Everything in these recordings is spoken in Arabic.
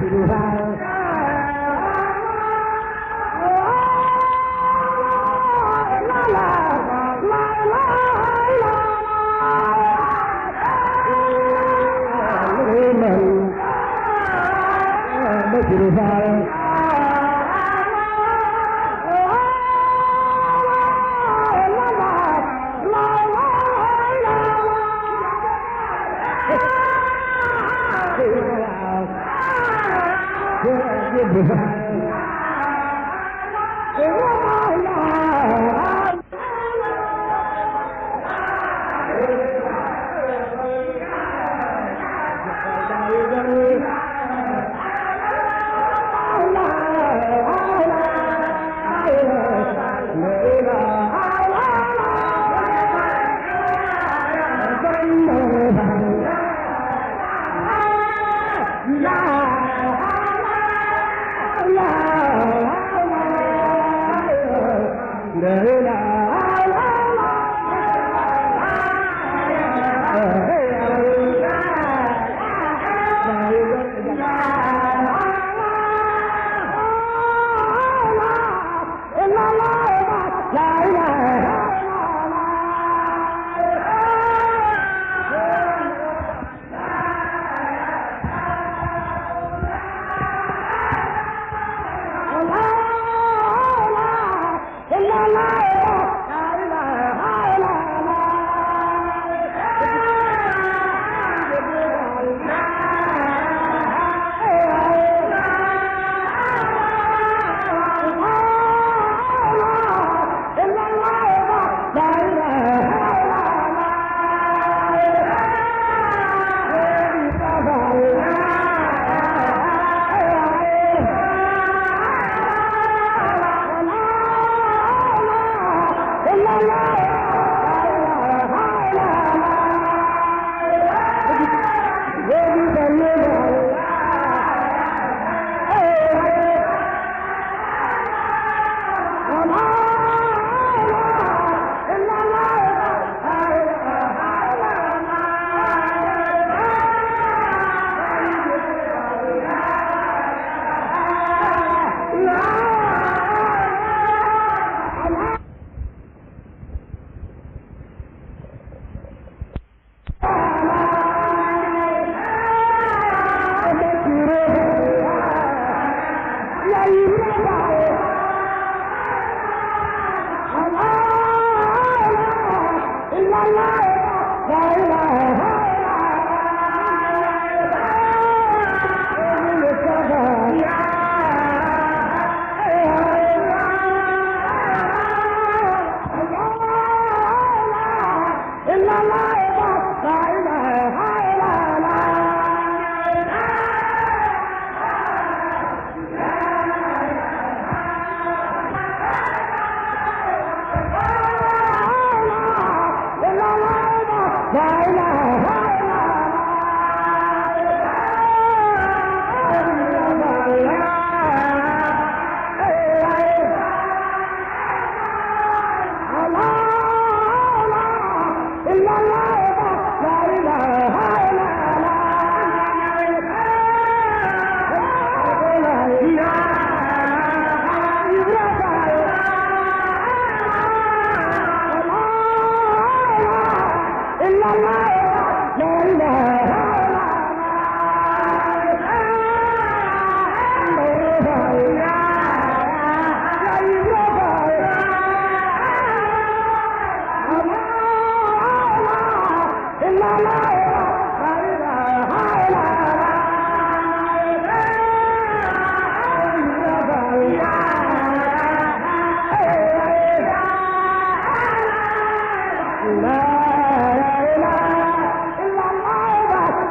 chịu vào Hãy subscribe cho kênh 谢谢。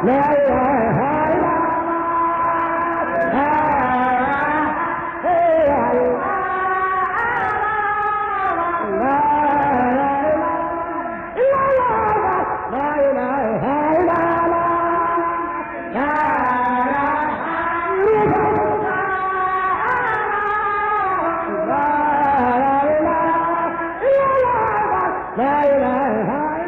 Yeah. high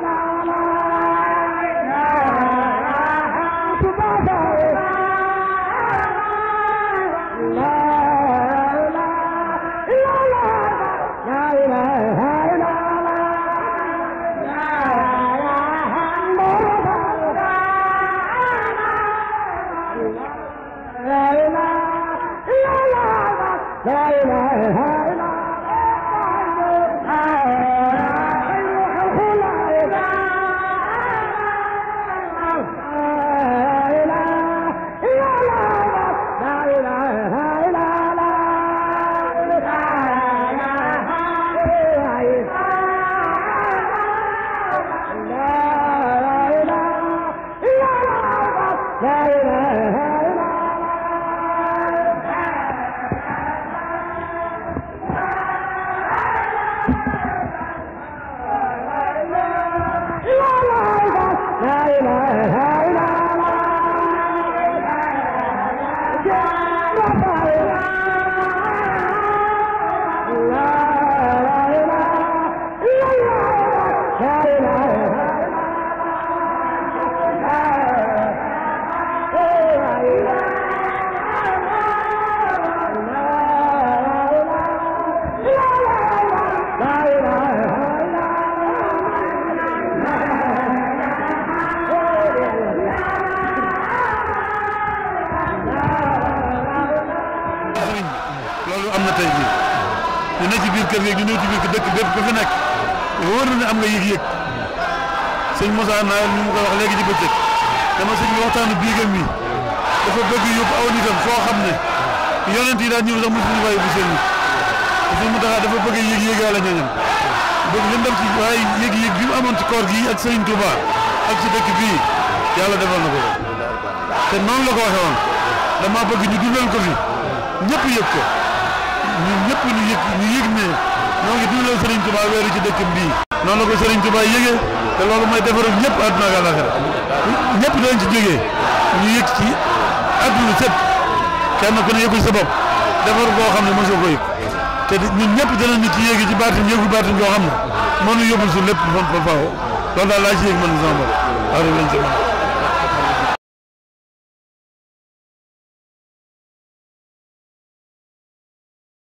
بير كير يي نيو تي بير دك بيب كفي نيك وور نا ام لا ييك ييك سيغ موسى نا نيو مكو واخ ليغي دي بيتك دما سيغ واخان بيغم مي دا فا بيغ يوب اولي دم فو خامني يونتي دا نيو زام مسلم باي بو سيني سيغ مو دا دا فا بيغ ييك ييك لا نيو بيغ ندم تي باي ييك ييك بيم امون تي كور جي اك سيغ توبا اك سي دك بي يالا دبال نكو تنون لا كو واخون دما بيغ ني دوبل كو في ñepp yëg ñun ñëpp ñu yëg ñu yëg ne ñoo ngi dundal Serigne weeru ci dëkkam bii. noonu la ko Serigne Touba yëgee te loolu mooy defaral ñëpp àdduna ak àllaaxira ñëpp dañ ci jógee ñu yëg ci àdduna sëpp kenn ku ne yëgul sa defar boo xam ne mosoo ko yëg te ñun ñëpp dinañu ci yëgi ci baatin yëgu baatin yoo xam ne mënu yóbbul su lépp ba faaw loolu daal laa ci yëg mën na